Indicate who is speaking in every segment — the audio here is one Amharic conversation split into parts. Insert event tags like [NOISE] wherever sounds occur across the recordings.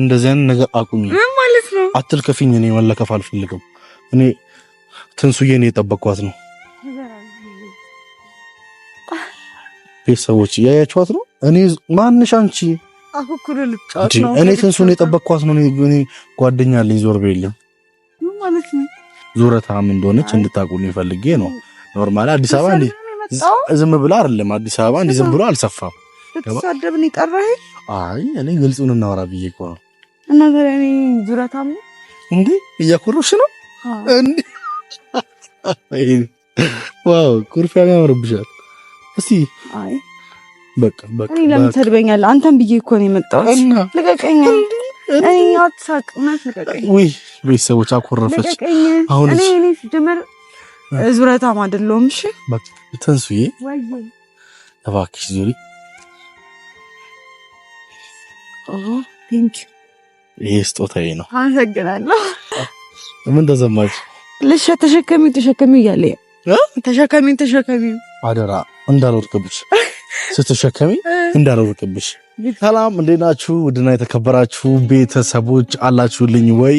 Speaker 1: እንደዚህ ነገር አቁሚ
Speaker 2: ምን ማለት ነው።
Speaker 1: አትልከፊኝ። እኔ መለከፍ አልፈልግም። እኔ ትንሱዬ እኔ የጠበቅኳት ነው። ቤተሰቦች እያያችኋት ነው። እኔ ማንሽ አንቺ እኔ ትንሱን የጠበቅኳት ነው። እኔ ጓደኛ አለኝ። ዞር በሌለም ዙረታም እንደሆነች እንድታቁልኝ ፈልጌ ነው። ኖርማል አዲስ አበባ ዝም ብላ አይደለም። አዲስ አበባ ዝም ብሎ አልሰፋም።
Speaker 2: ልትሳደብን የጠራኸኝ?
Speaker 1: አይ እኔ ግልጹን እናወራ ብዬ እኮ ነው።
Speaker 2: እና ነገር እኔ ዙረታም
Speaker 1: እንዴ እያኮረሽ ነው እንዴ? ዋው ኩርፊያ ያምርብሻል። እስቲ አይ በቃ በቃ
Speaker 2: እኔ ለምን ትሰድበኛለህ? አንተን ብዬ እኮ ነው የመጣሁት። ልቀቀኝ። እኔ አትሳቅ፣ እውነት ልቀቀኝ።
Speaker 1: ውይ ቤተሰቦች አኮረፈች።
Speaker 2: አሁን እኔ እኔ ድምር ዙረታም አይደለሁም። እሺ
Speaker 1: በቃ ተንሱዬ ወይ እባክሽ ዙሪ ይህ ስጦታዬ ነው።
Speaker 2: አመሰግናለሁ። ምን ተሰማች? ልሻ ተሸከሚ ተሸከሚ እያለ ተሸከሚ ተሸከሚ
Speaker 1: አደራ እንዳልወድቅብሽ ስትሸከሚ እንዳልወድቅብሽ። ሰላም እንዴት ናችሁ? ውድና የተከበራችሁ ቤተሰቦች አላችሁልኝ ወይ?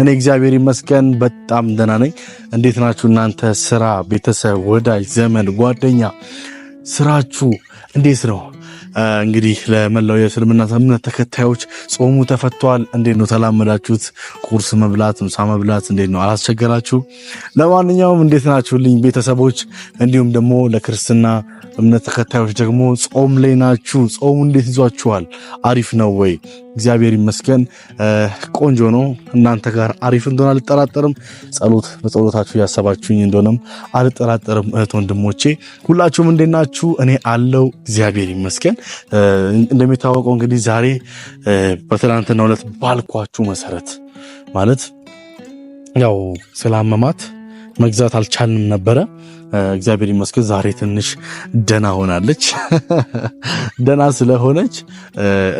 Speaker 1: እኔ እግዚአብሔር ይመስገን በጣም ደህና ነኝ። እንዴት ናችሁ እናንተ? ስራ፣ ቤተሰብ፣ ወዳጅ ዘመድ፣ ጓደኛ ስራችሁ እንዴት ነው? እንግዲህ ለመላው የእስልምና እምነት ተከታዮች ጾሙ ተፈቷል። እንዴት ነው ተላመዳችሁት? ቁርስ መብላት፣ ምሳ መብላት እንዴት ነው? አላስቸገራችሁ? ለማንኛውም እንዴት ናችሁልኝ ቤተሰቦች? እንዲሁም ደግሞ ለክርስትና እምነት ተከታዮች ደግሞ ጾም ላይ ናችሁ። ጾሙ እንዴት ይዟችኋል? አሪፍ ነው ወይ? እግዚአብሔር ይመስገን ቆንጆ ነው። እናንተ ጋር አሪፍ እንደሆነ አልጠራጠርም። ጸሎት በጸሎታችሁ ያሰባችሁኝ እንደሆነም አልጠራጠርም። እህት ወንድሞቼ ሁላችሁም እንዴት ናችሁ? እኔ አለው እግዚአብሔር ይመስገን። እንደሚታወቀው እንግዲህ ዛሬ በትናንትና ሁለት ባልኳችሁ መሰረት ማለት ያው ስላመማት መግዛት አልቻልንም ነበረ። እግዚአብሔር ይመስገን ዛሬ ትንሽ ደና ሆናለች። [LAUGHS] ደና ስለሆነች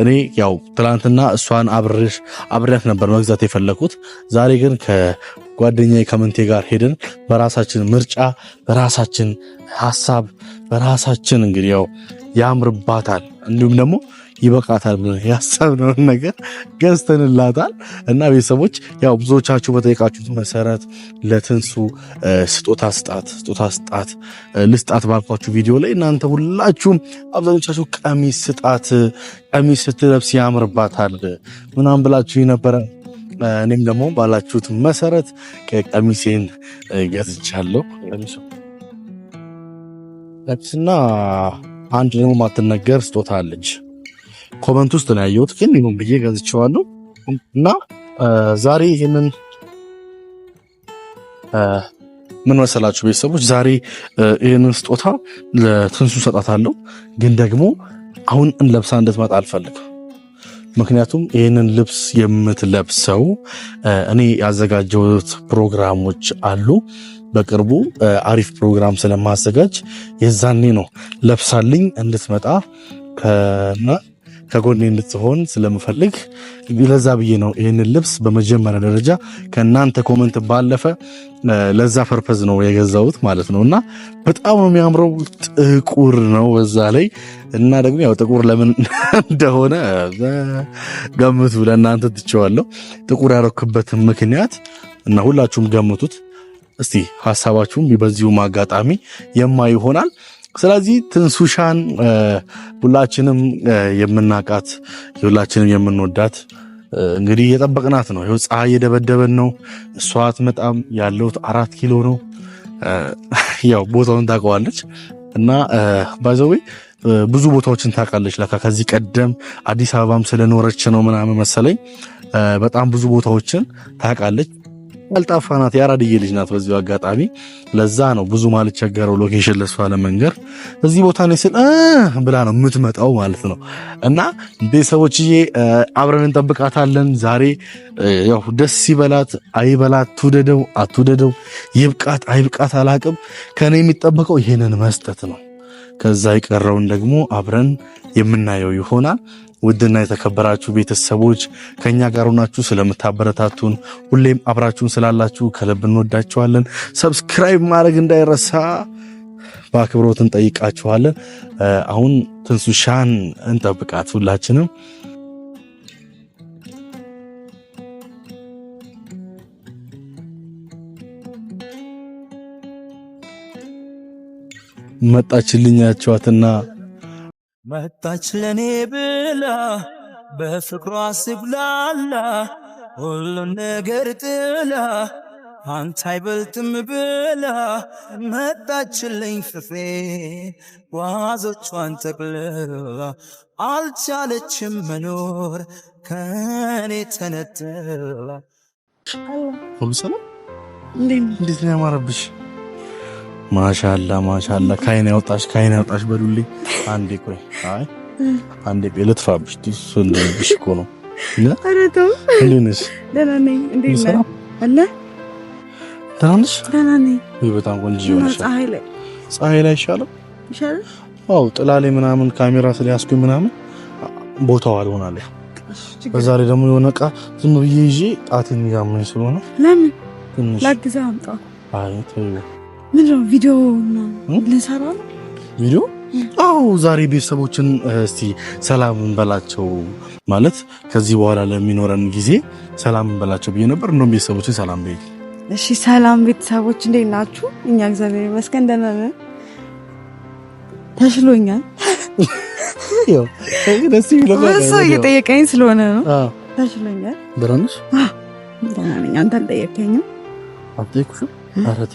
Speaker 1: እኔ ያው ትላንትና እሷን አብሬሽ አብሬያት ነበር መግዛት የፈለኩት። ዛሬ ግን ከጓደኛ ከምንቴ ጋር ሄደን በራሳችን ምርጫ፣ በራሳችን ሀሳብ፣ በራሳችን እንግዲህ ያው ያምርባታል እንዲሁም ደግሞ ይበቃታል ብለን ያሰብነውን ነገር ገዝተንላታል እና ቤተሰቦች ያው ብዙዎቻችሁ በጠየቃችሁት መሰረት ለትንሱ ስጦታ ስጣት ስጦታ ስጣት ልስጣት ባልኳችሁ ቪዲዮ ላይ እናንተ ሁላችሁም አብዛኞቻችሁ ቀሚስ ስጣት፣ ቀሚስ ስትለብስ ያምርባታል ምናምን ብላችሁ ነበረ። እኔም ደግሞ ባላችሁት መሰረት ቀሚሴን ገዝቻለሁ። ለብስና አንድ ደግሞ ማትነገር ስጦታ አለች። ኮመንት ውስጥ ነው ያየሁት፣ ግን ይሁን ብዬ ገዝቼዋለሁ እና ዛሬ ይህንን ምን መሰላችሁ ቤተሰቦች፣ ዛሬ ይህንን ስጦታ ለትንሱ ሰጣታለሁ። ግን ደግሞ አሁን እንለብሳ እንድትመጣ አልፈልግም። ምክንያቱም ይህንን ልብስ የምትለብሰው እኔ ያዘጋጀሁት ፕሮግራሞች አሉ በቅርቡ አሪፍ ፕሮግራም ስለማዘጋጅ የዛኔ ነው ለብሳልኝ እንድትመጣ እና ከጎኔ እንድትሆን ስለምፈልግ ለዛ ብዬ ነው ይህንን ልብስ በመጀመሪያ ደረጃ ከእናንተ ኮመንት ባለፈ ለዛ ፐርፐዝ ነው የገዛውት ማለት ነው። እና በጣም ነው የሚያምረው። ጥቁር ነው በዛ ላይ እና ደግሞ ያው ጥቁር ለምን [LAUGHS] እንደሆነ ገምቱ። ለእናንተ ትቼዋለሁ። ጥቁር ያረኩበትን ምክንያት እና ሁላችሁም ገምቱት። እስቲ ሀሳባችሁም በዚሁም አጋጣሚ የማይ ይሆናል። ስለዚህ ትንሱሻን ሁላችንም የምናቃት ሁላችንም የምንወዳት እንግዲህ የጠበቅናት ነው። ይኸው ፀሐይ የደበደበን ነው። እሷ አትመጣም። ያለውት አራት ኪሎ ነው። ያው ቦታውን ታውቀዋለች እና ባይዘዌ ብዙ ቦታዎችን ታውቃለች። ለካ ከዚህ ቀደም አዲስ አበባም ስለኖረች ነው ምናምን መሰለኝ በጣም ብዙ ቦታዎችን ታውቃለች። ቀልጣፋ ናት፣ የአራድዬ ልጅ ናት። በዚሁ አጋጣሚ ለዛ ነው ብዙ ማለት ቸገረው ሎኬሽን ለሷ ለመንገር እዚህ ቦታ ነው ስል ብላ ነው የምትመጣው ማለት ነው። እና ቤተሰቦችዬ አብረን እንጠብቃታለን። ዛሬ ያው ደስ ይበላት አይበላት፣ ትውደደው አትውደደው፣ ይብቃት አይብቃት አላቅም። ከእኔ የሚጠበቀው ይሄንን መስጠት ነው። ከዛ የቀረውን ደግሞ አብረን የምናየው ይሆናል። ውድና የተከበራችሁ ቤተሰቦች ከኛ ጋር ሆናችሁ ስለምታበረታቱን ሁሌም አብራችሁን ስላላችሁ ከልብ እንወዳችኋለን። ሰብስክራይብ ማድረግ እንዳይረሳ በአክብሮት እንጠይቃችኋለን። አሁን ትንሱሻን እንጠብቃት ሁላችንም። መጣችልኛችኋትና መጣች ለኔ ብላ በፍቅሯ ስብላላ ሁሉን ነገር ጥላ አንተ አይበልጥም ብላ
Speaker 2: መጣችልኝ ፍሬ ጓዞቿን ጠቅልላ አልቻለችም መኖር ከኔ ተነጥላ። ሁሉ ሰላም እንዴት
Speaker 1: ነው ያማረብሽ? ማሻላ ማሻላ፣ ካይን ያውጣሽ፣ ካይን ያውጣሽ በሉልኝ። አንዴ ቆይ፣ አይ አንዴ ቆይ፣ ልጥፋብሽ። ዲሱ እንደብሽ እኮ ነው። ኧረ ተው። እንዴት ነሽ?
Speaker 2: ደህና ነኝ። እንዴት ነህ? አለ ደህና ነሽ? ደህና ነኝ።
Speaker 1: ወይ በጣም ቆንጆ
Speaker 2: ሆነሽ። ፀሐይ ላይ
Speaker 1: ፀሐይ ላይ ይሻላል፣ ይሻላል። አዎ፣ ጥላ ላይ ምናምን ካሜራ ስለያዝኩኝ ምናምን ቦታው አልሆናለሁ። በዛ ላይ ደግሞ የሆነ ዕቃ ዝም ብዬ ይዤ ጣቴን ያመኝ ስለሆነ
Speaker 2: ለምን ላግዛ አምጣ።
Speaker 1: አይ ተይው
Speaker 2: ምንድነው ነው ቪዲዮ ልንሰራ ነው?
Speaker 1: ቪዲዮ አዎ፣ ዛሬ ቤተሰቦችን እስቲ ሰላም እንበላቸው ማለት ከዚህ በኋላ ለሚኖረን ጊዜ ሰላም እንበላቸው ብዬ ነበር። እንደውም ቤተሰቦችን ሰላም በይ።
Speaker 2: እሺ፣ ሰላም ቤተሰቦች፣ እንዴት ናችሁ? እኛ እግዚአብሔር ይመስገን ደህና ነን፣ ተሽሎኛል። እሱ እየጠየቀኝ ስለሆነ ነው። ተሽሎኛል። ደህና ነሽ? ደህና ነኝ። አንተ አልጠየቀኝም።
Speaker 1: አረቴ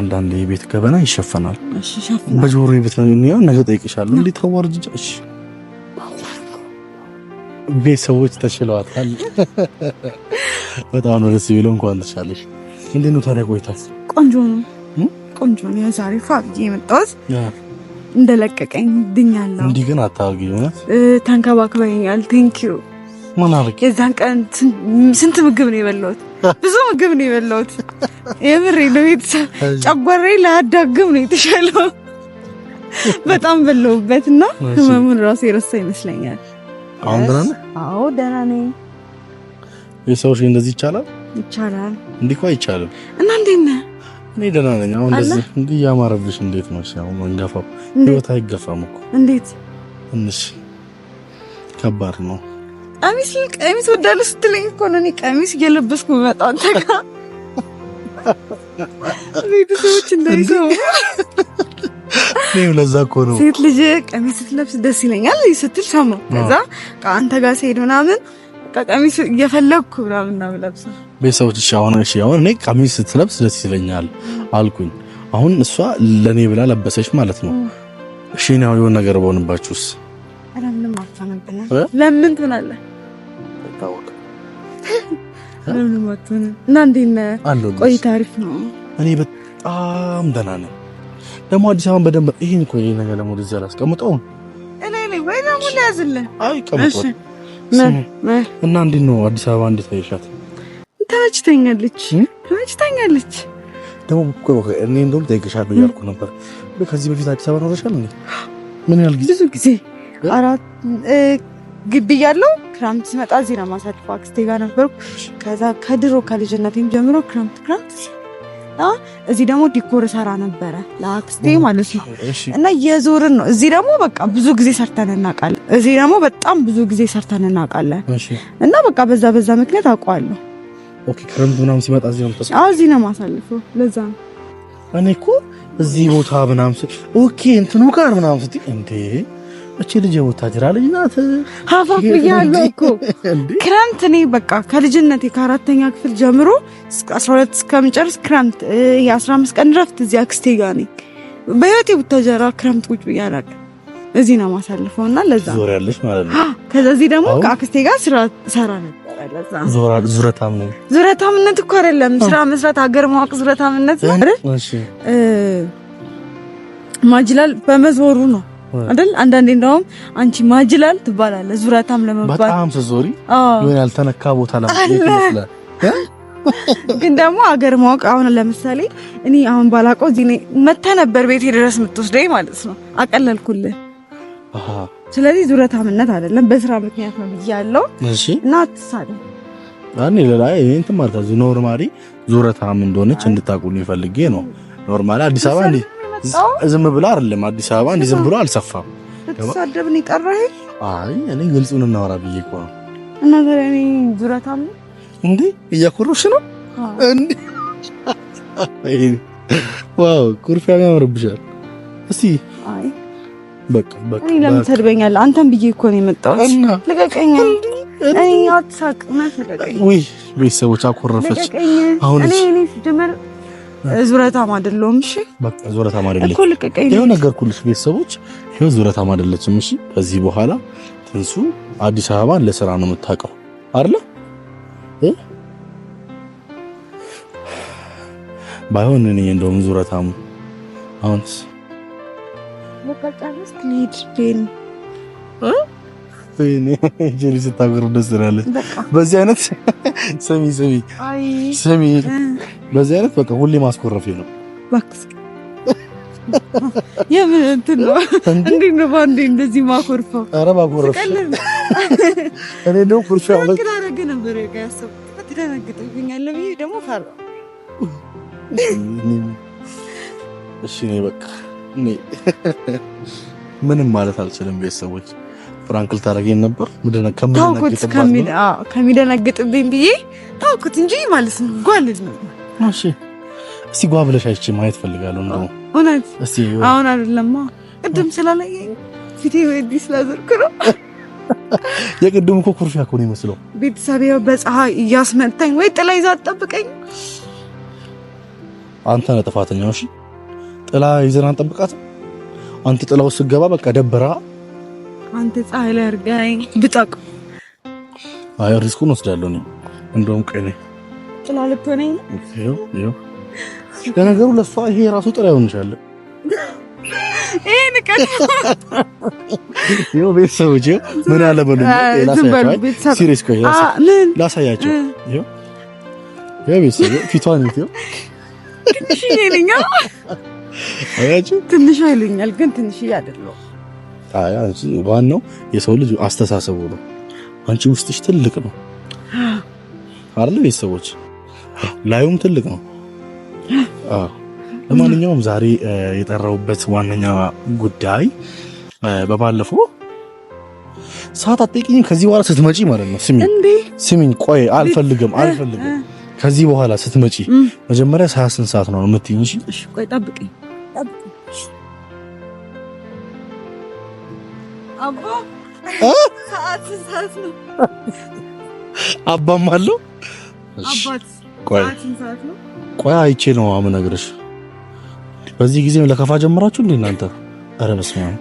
Speaker 1: አንዳንዴ የቤት ገበና ይሸፈናል። በጆሮ ነገ እንዴት ተዋርጅጫሽ? [LAUGHS] በጣም ነው ደስ የሚለው። እንኳን ተሻለሽ። እንዴት ነው ታዲያ
Speaker 2: ቆንጆ ነው፣ ቆንጆ ነው። የዛሬ የመጣሁት እንደለቀቀኝ ድኛለሁ።
Speaker 1: እንዲህ ግን አታውቂ ሆነ
Speaker 2: ተንከባክበኛል። ቴንኪዩ ምናምን የዛን ቀን ስንት ምግብ ነው የበላሁት? ብዙ ምግብ ነው የበላሁት። የምሬ ነው። ቤተሰብ ጨጓሬ ለአዳግም ነው የተሻለው። በጣም በለውበት እና ህመሙን ራሱ የረሳ ይመስለኛል። አሁን ደህና ነህ? አዎ ደህና ነኝ።
Speaker 1: የሰው ሺህ እንደዚህ ይቻላል ይቻላል። እንዲህ እኮ አይቻልም። እና እንዴት ነህ? እኔ ደህና ነኝ። አሁን እንደዚህ እንዲህ ያማረብሽ እንዴት ነው? አሁን እንገፋው ህይወት አይገፋም እኮ እንዴት ትንሽ ከባድ ነው
Speaker 2: ቀሚስ ቀሚስ ወዳለሁ ስትለኝ እኮ ነው እኔ ቀሚስ እየለበስኩ መጣሁ። አንተ ጋር ቤተሰቦች እንዳይሰሙ ነው። ለዛ እኮ ነው ሴት ልጅ ቀሚስ ስትለብስ ደስ ይለኛል ስትል ሰማሁ። ከዛ ከአንተ ጋር ስሄድ ምናምን ቀሚስ እየፈለግኩ ምናምን ነው የምለብሰው።
Speaker 1: ቤተሰቦች እሺ፣ አሁን እሺ፣ አሁን እኔ ቀሚስ ስትለብስ ደስ ይለኛል አልኩኝ። አሁን እሷ ለኔ ብላ ለበሰች ማለት ነው። እሺ፣ ነው የሆነ ነገር በሆንባችሁስ
Speaker 2: ለምን ትሆናለህ? አይታወቅም። ለምንም ነው።
Speaker 1: እኔ በጣም ደህና ነኝ። ደግሞ አዲስ አበባን በደንብ ይሄን እኮ ይሄን ነገር ደግሞ ወደዚህ አላስቀምጠውም። እና እንዴት ነው አዲስ አበባ እንዴት ታይሻት?
Speaker 2: ተመችተኛለች፣ ተመችተኛለች።
Speaker 1: ደግሞ እኔ እንደውም ጠይቅሻለሁ እያልኩ ነበር። ከዚህ በፊት አዲስ አበባ ኖረሻል? ምን ያህል ጊዜ? ብዙ ጊዜ
Speaker 2: አራት ግቢ ያለው ክረምት ሲመጣ እዚህ ነው የማሳልፈው። አክስቴ ጋር ነበርኩ። ከዛ ከድሮ ከልጅነቴም ጀምሮ ክረምት ክረምት እዚህ ደግሞ ዲኮር ሰራ ነበረ ለአክስቴ ማለት ነው። እና የዞርን ነው እዚህ ደግሞ በቃ ብዙ ጊዜ ሰርተን እናውቃለን። እዚህ ደግሞ በጣም ብዙ ጊዜ ሰርተን እናውቃለን። እና በቃ በዛ በዛ ምክንያት አውቀዋለሁ።
Speaker 1: ኦኬ ክረምት ምናምን ሲመጣ እዚህ ነው
Speaker 2: ተሰ እዚህ ነው የማሳልፈው። ለዛ ነው
Speaker 1: እኔ እኮ እዚህ ቦታ ምናምን ኦኬ እንትኑ ጋር ምናምን ስትይ እንዴ እቺ ልጅ የቡታጅራ ልጅ ናት።
Speaker 2: ሀፋፍ ብያለሁ እኮ ክረምት። እኔ በቃ ከልጅነቴ ከአራተኛ ክፍል ጀምሮ 12 እስከምጨርስ ክረምት የ15 ቀን ረፍት እዚህ አክስቴ ጋር ነኝ። በህይወቴ ቡታጅራ ክረምት ቁጭ ብዬ አላውቅም። እዚህ ነው ማሳልፈው እና ለዛ
Speaker 1: ዞር ያለሽ ማለት
Speaker 2: ነው። ከዚህ ደግሞ ከአክስቴ ጋር ስራ ሰራ ነበር።
Speaker 1: ለዛ
Speaker 2: ዙረታምነት እኮ አይደለም ስራ መስራት ሀገር ማወቅ ዙረታምነት ነው እሺ ማጅላል በመዞሩ ነው አይደል? አንዳንዴ እንደውም አንቺ ማጅላል ትባላለህ። ዙረታም
Speaker 1: ለመባል በጣም ስትዞሪ የሆነ ያልተነካ ቦታ ይመስላል።
Speaker 2: ግን ደግሞ አገር ማወቅ አሁን ለምሳሌ እኔ አሁን ባላውቀው እዚህ መተህ ነበር ቤት ድረስ የምትወስደኝ ማለት ነው። አቀለልኩልህ። ስለዚህ ዙረታምነት አይደለም በስራ ምክንያት ነው ብያለሁ። እሺ እና አትሳለ
Speaker 1: እኔ ለላይ ይሄን ትማርታ ኖርማሊ ዙረታም እንደሆነች እንድታቁልኝ ፈልጌ ነው። ኖርማሊ አዲስ አበባ እንዴ ዝም ብሎ አይደለም አዲስ አበባ እንዲህ ዝም ብሎ አልሰፋም።
Speaker 2: ልትሳደብ ነው
Speaker 1: አይ እኔ ግልጹን እናወራ ብዬ እኮ ነው።
Speaker 2: ነገር እኔ ዙረታም
Speaker 1: እንዴ እያኮረሽ ነው እንዴ? ዋው ኩርፊያ ያምርብሻል። እስቲ አይ በቃ
Speaker 2: በቃ እኔ ለምን ትሰድበኛለህ? አንተም ብዬ እኮ ነው የመጣሁት። ልቀቀኝ። እኔ አትሳቅ።
Speaker 1: ቤተሰቦች አኮረፈች
Speaker 2: አሁን እኔ ዙረታም አይደለሁም። እሺ በቃ ዙረታም አይደለች እኮ ልቀቀኝ።
Speaker 1: ይኸው ነገርኩልሽ ቤተሰቦች፣ ይኸው ዙረታም አይደለችም። እሺ ከዚህ በኋላ ትንሱ አዲስ አበባን ለስራ ነው የምታውቀው አይደለ? ባይሆን እኔ እንደውም ዙረታሙ አሁንስ ስታጎር ደስ ትላለች። በዚህ አይነት ስሚ ስሚ ስሚ በዚህ አይነት በቃ ሁሌ ማስኮረፊ ነው።
Speaker 2: እባክህ የምን እንትን ነው? እንዴት ነው ባንዴ እንደዚህ ማኮርፈው?
Speaker 1: ኧረ ማኮርፈው እኔ ነው ኩርሻ
Speaker 2: አለ አረገ ነበር ያሰብ ተደረገኛለ ብዬ ደግሞ ፈራ።
Speaker 1: እሺ እኔ በቃ እኔ ምንም ማለት አልችልም። ቤተሰቦች ፍራንክ ልታደርገኝ ነበር። ምንድነው
Speaker 2: ከምደነግጥብኝ ብዬ ታውኩት እንጂ ማለት ነው ጓልድ ነው
Speaker 1: እሺ፣ እስቲ ጓ ብለሽ አይቼ ማየት ፈልጋለሁ። እንደው እውነት እስቲ
Speaker 2: አሁን አይደለማ፣ ቅድም ስላላየኝ ፊቴ ወዲ ስላዘርኩ ነው።
Speaker 1: የቅድም እኮ ኩርፊያ እኮ ነው ይመስለው።
Speaker 2: ቤተሰብ በፀሐይ እያስመታኝ ወይ ጥላ ይዛ አትጠብቀኝ።
Speaker 1: አንተ ነህ ጥፋተኛው። እሺ፣ ጥላ ይዘን አንጠብቃት። አንተ ጥላው ስገባ በቃ ደበራ።
Speaker 2: አንተ ፀሐይ ላይ አድርጋኝ ብጠቅ።
Speaker 1: አይ ሪስኩን ወስዳለሁ እኔ እንደውም ቀኔ
Speaker 2: ተጨላለፈ ነኝ።
Speaker 1: ለነገሩ ለሷ ይሄ ራሱ ጥራ ይሆንሻል። ይሄ ንቀት ይኸው ቤተሰቦች ምን አለ በሉ ላሳያቸው። ቤተሰብ
Speaker 2: ትንሽ ይለኛል፣ ግን ትንሽ
Speaker 1: አይ አንቺ ዋናው የሰው ልጅ አስተሳሰቡ ነው። አንቺ ውስጥሽ ትልቅ ነው አይደል ቤተሰቦች ላዩም ትልቅ ነው። ለማንኛውም ዛሬ የጠራውበት ዋነኛ ጉዳይ በባለፈው ሰዓት አትጠይቂኝም ከዚህ በኋላ ስትመጪ ማለት ነው። ስሚ ስሚኝ፣ ቆይ አልፈልግም አልፈልግም። ከዚህ በኋላ ስትመጪ መጀመሪያ ሰዓት ስንት ሰዓት ነው የምትይኝ? እሺ ቆይ አባም አለው
Speaker 2: አባት ቆይ
Speaker 1: ቆይ አይቼ ነው የምነግርሽ። በዚህ ጊዜ ለከፋ ጀምራችሁ እንዴ እናንተ? ኧረ በስመ አብ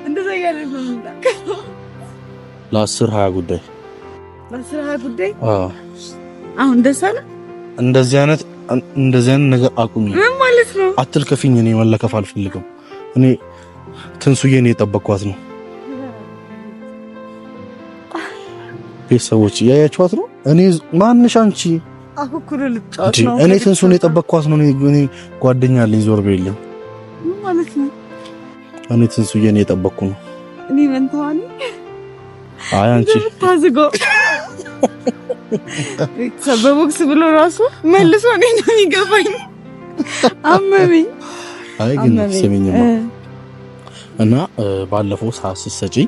Speaker 1: ለአስር ሀያ ጉዳይ
Speaker 2: ለአስር ሀያ ጉዳይ አሁን ደስ አለ።
Speaker 1: እንደዚህ አይነት እንደዚህ አይነት ነገር አቁሚ ማለት ነው። አትልከፊኝ። እኔ መለከፍ አልፈልግም። እኔ ትንሱዬ ነው የጠበቅኳት ነው ቤተሰቦች እያያችኋት ነው። እኔ ማንሽ አንቺ
Speaker 2: ነው።
Speaker 1: እኔ ትንሱን የጠበቅኳት ነው። እኔ ጓደኛ አለኝ፣ ዞር በሌለም ማለት ነው። እኔ የኔ የጠበቅኩ ነው።
Speaker 2: እኔ መንተዋኒ አይ፣ አንቺ ታዝጎ በቦክስ ብሎ ራሱ መልሶ እኔ ነው የሚገባኝ። አመመኝ።
Speaker 1: አይ ግን ስሚኝማ እና ባለፈው ሰዓት ስትሰጪኝ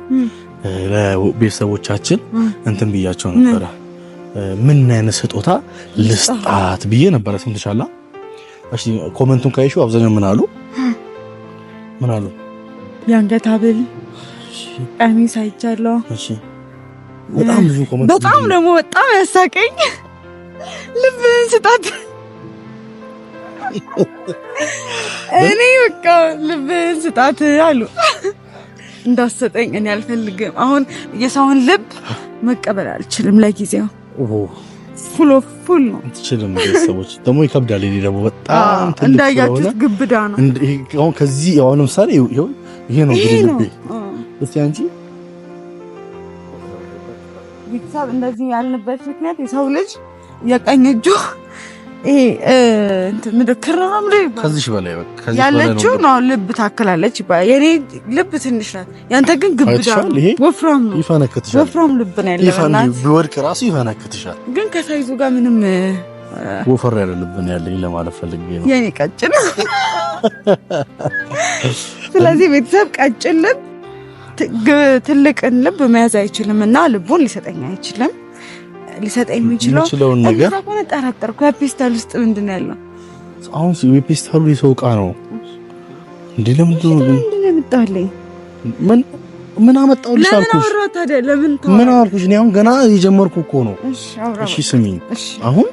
Speaker 1: ለቤተሰቦቻችን እንትን ብያቸው ነበረ ምን አይነት ስጦታ ልስጣት ብዬ ነበረ። ስንትሻላ እሺ፣ ኮመንቱን ካይሹ አብዛኛው ምን አሉ ምን አሉ?
Speaker 2: የአንገት ሐብል ቀሚስ አይቻለሁ። እሺ፣ በጣም ብዙ ኮመንት በጣም ደግሞ በጣም ያሳቀኝ ልብህን ስጣት። እኔ በቃ ልብህን ስጣት አሉ። እንዳሰጠኝ እኔ አልፈልግም። አሁን የሰውን ልብ መቀበል አልችልም ለጊዜው ፉሎፉል ነው።
Speaker 1: አትችልም። ቤተሰቦች ደግሞ ይከብዳል። ይሄ ደግሞ በጣም
Speaker 2: እንዳያችሁት ግብዳ ነው።
Speaker 1: ከዚህ አሁን ለምሳሌ ይሄ ነው እንግዲህ ልቤ እስቲ አንቺ
Speaker 2: ቤተሰብ እንደዚህ ያልንበት ምክንያት የሰው ልጅ የቀኝ እጁ ይሄ ያለችው ነው ልብ ታክላለች። የኔ ልብ ትንሽ ናት፣ ያንተ ግን ወፍራም ልብ ነው
Speaker 1: ያለው። ቢወድቅ ራሱ ይፈነክትሻል።
Speaker 2: ግን ከሳይዙ ጋር ምንም
Speaker 1: ወፈር ያለ ልብ ነው ያለኝ ለማለት ፈልጌ ነው።
Speaker 2: የኔ ቀጭን። ስለዚህ ቤተሰብ ቀጭን ልብ ትልቅን ልብ መያዝ አይችልም እና ልቡን ሊሰጠኝ አይችልም። ሊሰጠኝ የሚችለው ነገር ጠረጠርኩ። ፔስታል ውስጥ ምንድን ነው ያለው?
Speaker 1: አሁን የፔስታሉ የሰው ነው እንዴ? ለምንድን
Speaker 2: ነው የምጣለኝ?
Speaker 1: ምን ምን ምን አልኩሽ? እኔ አሁን ገና የጀመርኩ እኮ ነው። እሺ አሁን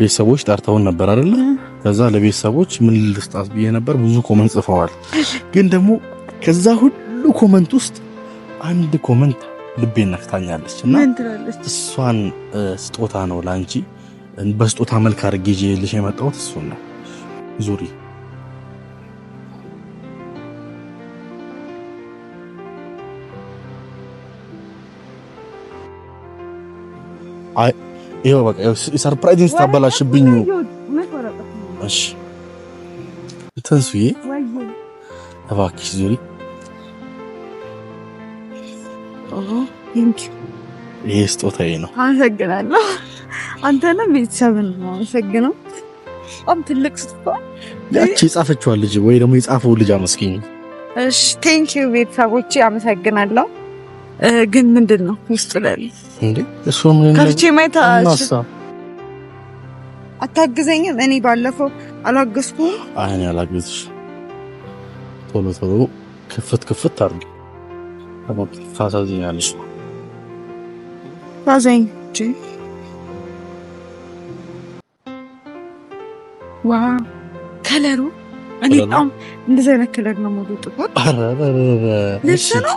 Speaker 1: ቤተሰቦች ጠርተውን ነበር አይደለ? ከዛ ለቤተሰቦች ምን ልስጣት ብዬ ነበር። ብዙ ኮመንት ጽፈዋል፣ ግን ደግሞ ከዛ ሁሉ ኮመንት ውስጥ አንድ ኮመንት ልቤን ነክታኛለች እና እሷን ስጦታ ነው ለአንቺ በስጦታ መልክ አድርጌ ይዤልሽ የመጣሁት እሱን ነው። ዙሪ ይኸው በቃ ሰርፕራይዝን ስታበላሽብኝ። እሺ እባክሽ ዙሪ ይህ ስጦታዬ ነው።
Speaker 2: አመሰግናለሁ። አንተንም ቤተሰብን አመሰግነው። በጣም ትልቅ ስጦታ
Speaker 1: ያቺ ልጅ ወይ ደግሞ የጻፈው ልጅ አመስገኝ።
Speaker 2: እሺ አመሰግናለሁ። ግን ምንድን ነው ላይ ከፍቼ ማየት አታግዘኝም? እኔ ባለፈው አላገዝኩም።
Speaker 1: አይ እኔ አላገዝሽ። ቶሎ ቶሎ ክፍት ክፍት አድርጊ ታሳዝኛለሽ።
Speaker 2: ታዘኝ እንጂ ዋ ከለሩ እኔ በጣም እንደዚህ አይነት ከለር ነው ሞዱ። ጥቁር ልብስ ነው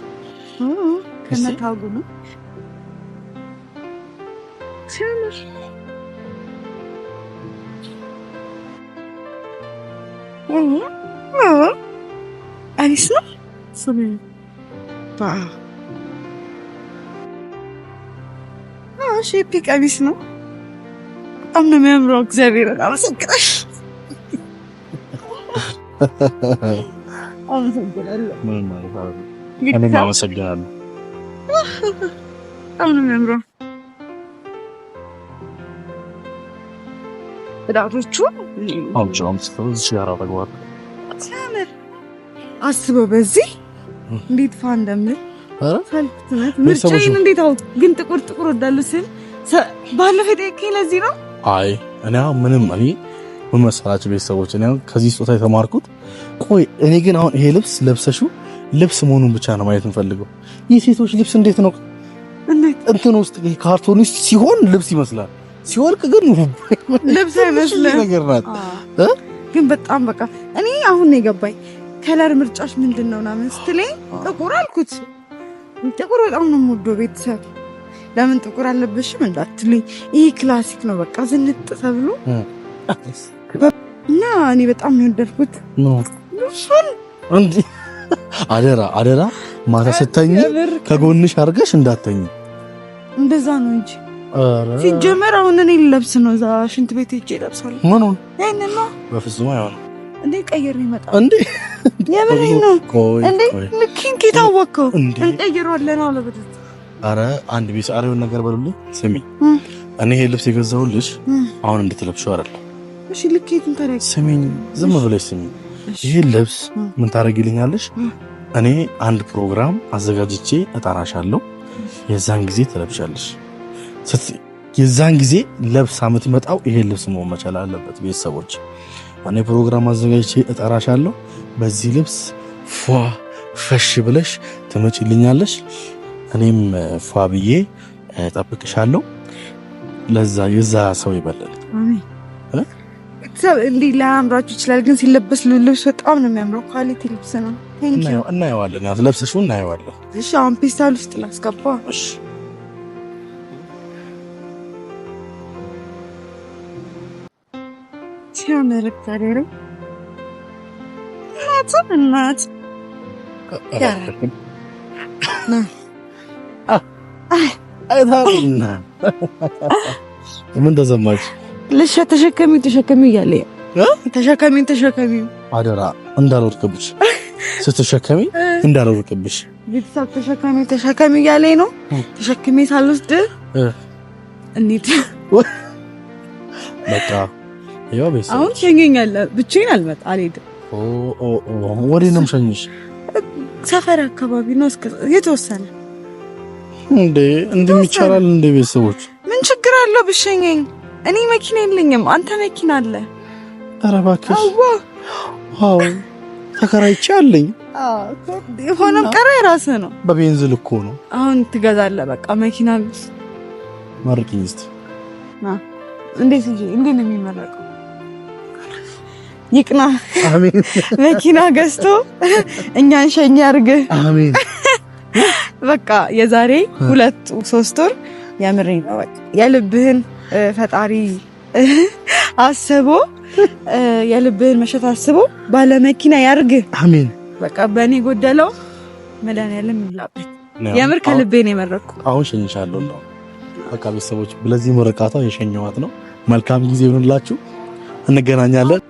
Speaker 2: ከነታጉ ነው ሲያምር አሪፍ ነው። አዎ ሼፒ ቀሚስ ነው። በጣም ነው የሚያምረው። እግዚአብሔር አመሰግናሽ አመሰግናለሁ።
Speaker 1: እኔም አመሰግናለሁ።
Speaker 2: በጣም ነው የሚያምረው። እዳቶቹ
Speaker 1: አውጭ አምስት ሲያራ ተግባር
Speaker 2: አስበው በዚህ እንዴት ፋ እንደምል ምርጫዬን እንዴት አውጥ ግን ጥቁር ጥቁር ወዳለሁ ስል ባለፈ ጠየቀኝ። ለዚህ ነው
Speaker 1: አይ እኔ ምንም እኔ ምን መሰላችሁ ቤተሰቦች እኔ ከዚህ ስጦታ የተማርኩት ቆይ እኔ ግን አሁን ይሄ ልብስ ለብሰሹ ልብስ መሆኑን ብቻ ነው ማየት የምፈልገው። እንፈልገው። ሴቶች ልብስ እንዴት ነው እንትን ውስጥ ካርቶን ውስጥ ሲሆን ልብስ ይመስላል፣ ሲወልቅ ግን
Speaker 2: ልብስ [LAUGHS] አይመስልም ነገር ናት። ግን በጣም በቃ እኔ አሁን ነው የገባኝ ከለር ምርጫሽ ምንድን ነው ምናምን ስትለኝ ጥቁር አልኩት። ጥቁር በጣም ነው የምወደው። ቤተሰብ ለምን ጥቁር አለብሽም እንዳትልኝ፣ ይህ ክላሲክ ነው በቃ ዝንጥ ተብሎ እና እኔ በጣም ነው የወደድኩት።
Speaker 1: አደራ አደራ፣ ማታ ስተኝ ከጎንሽ አድርገሽ እንዳተኝ።
Speaker 2: እንደዛ ነው እንጂ ሲጀመር አሁን እኔ ልለብስ ነው። እዛ ሽንት ቤት ሄጄ ለብሳለሁ። ምን ሆነ? ነው
Speaker 1: በፍጹም አይሆንም።
Speaker 2: እንዴ ቀይሬ ይመጣል እንዴ? የምሬ ነው እንዴ? ንኪን ከታወቀው እንቀይረዋለን አለ በደንብ
Speaker 1: አረ አንድ ቢስ አሬውን ነገር በሉልኝ። ስሚ እኔ ይሄ ልብስ የገዛሁልሽ አሁን እንድትለብሺው አይደል?
Speaker 2: እሺ ልኬቱን ታዲያ
Speaker 1: ስሚኝ፣ ዝም ብለሽ ስሚኝ። ይሄ ልብስ ምን ታደርጊልኛለሽ? እኔ አንድ ፕሮግራም አዘጋጅቼ እጠራሻለሁ። የዛን ጊዜ ትለብሻለሽ። የዛን ጊዜ ለብሳ የምትመጣው ይሄ ልብስ መሆን መቻል አለበት ቤተሰቦች እኔ ፕሮግራም አዘጋጅቼ እጠራሻለሁ። በዚህ ልብስ ፏ ፈሽ ብለሽ ትመጪልኛለሽ። እኔም ፏ ብዬ ጠብቅሻለሁ። ለዛ የዛ ሰው ይበለል።
Speaker 2: እንዲህ ላያምራችሁ ይችላል፣ ግን ሲለበስ ልብስ በጣም ነው የሚያምረው። ኳሊቲ ልብስ ነው።
Speaker 1: እናየዋለን፣ ለብሰሽው እናየዋለን።
Speaker 2: እሺ፣ አሁን ፔስታል ውስጥ ላስገባ። እሺ ሲያምር እግዚአብሔር እናትም እናት ምን ተሰማች? ልሸ ተሸከሚው ተሸከሚው እያለ ተሸከሚው ተሸከሚው
Speaker 1: አደራ እንዳልወድቅብሽ ስትሸከሚ እንዳልወድቅብሽ
Speaker 2: ቤተሰብ ተሸከሚ ተሸከሚ እያለኝ ነው። ተሸክሜ ሳልወስድ እንዴት በቃ አሁን ሸኘኛል። ብቻዬን አልመጣ አልሄድም።
Speaker 1: ወዴት ነው የምሸኝሽ?
Speaker 2: ሰፈር አካባቢ ነው እስከ የተወሰነ።
Speaker 1: እንዴ ይቻላል እንዴ? ቤተሰቦች
Speaker 2: ምን ችግር አለው ብሸኘኝ? እኔ መኪና የለኝም፣ አንተ መኪና አለ።
Speaker 1: ኧረ እባክሽ። አዎ ተከራይቼ አለኝ።
Speaker 2: ሆነም ቀረ የራስህ ነው።
Speaker 1: በቤንዝል እኮ ነው።
Speaker 2: አሁን ትገዛለህ። በቃ መኪና መርቅኝ እስኪ። እንዴት እንዴት ነው የሚመረቀው? ይቅና፣ መኪና ገዝቶ እኛን ሸኝ ያርግ። አሜን። በቃ የዛሬ ሁለት ሶስት ወር ያምሬ ነው። የልብህን ፈጣሪ አስቦ የልብህን መሸት አስቦ ባለ መኪና ያርግ። አሜን። በቃ በእኔ ጎደለው መድኃኒዓለም ይላበት። የምር ከልቤ ነው የመረኩ።
Speaker 1: አሁን ሸኝሻለሁ። በቃ ቤተሰቦች፣ ለዚህ ምርቃቷ የሸኘኋት ነው። መልካም ጊዜ ይሁንላችሁ። እንገናኛለን።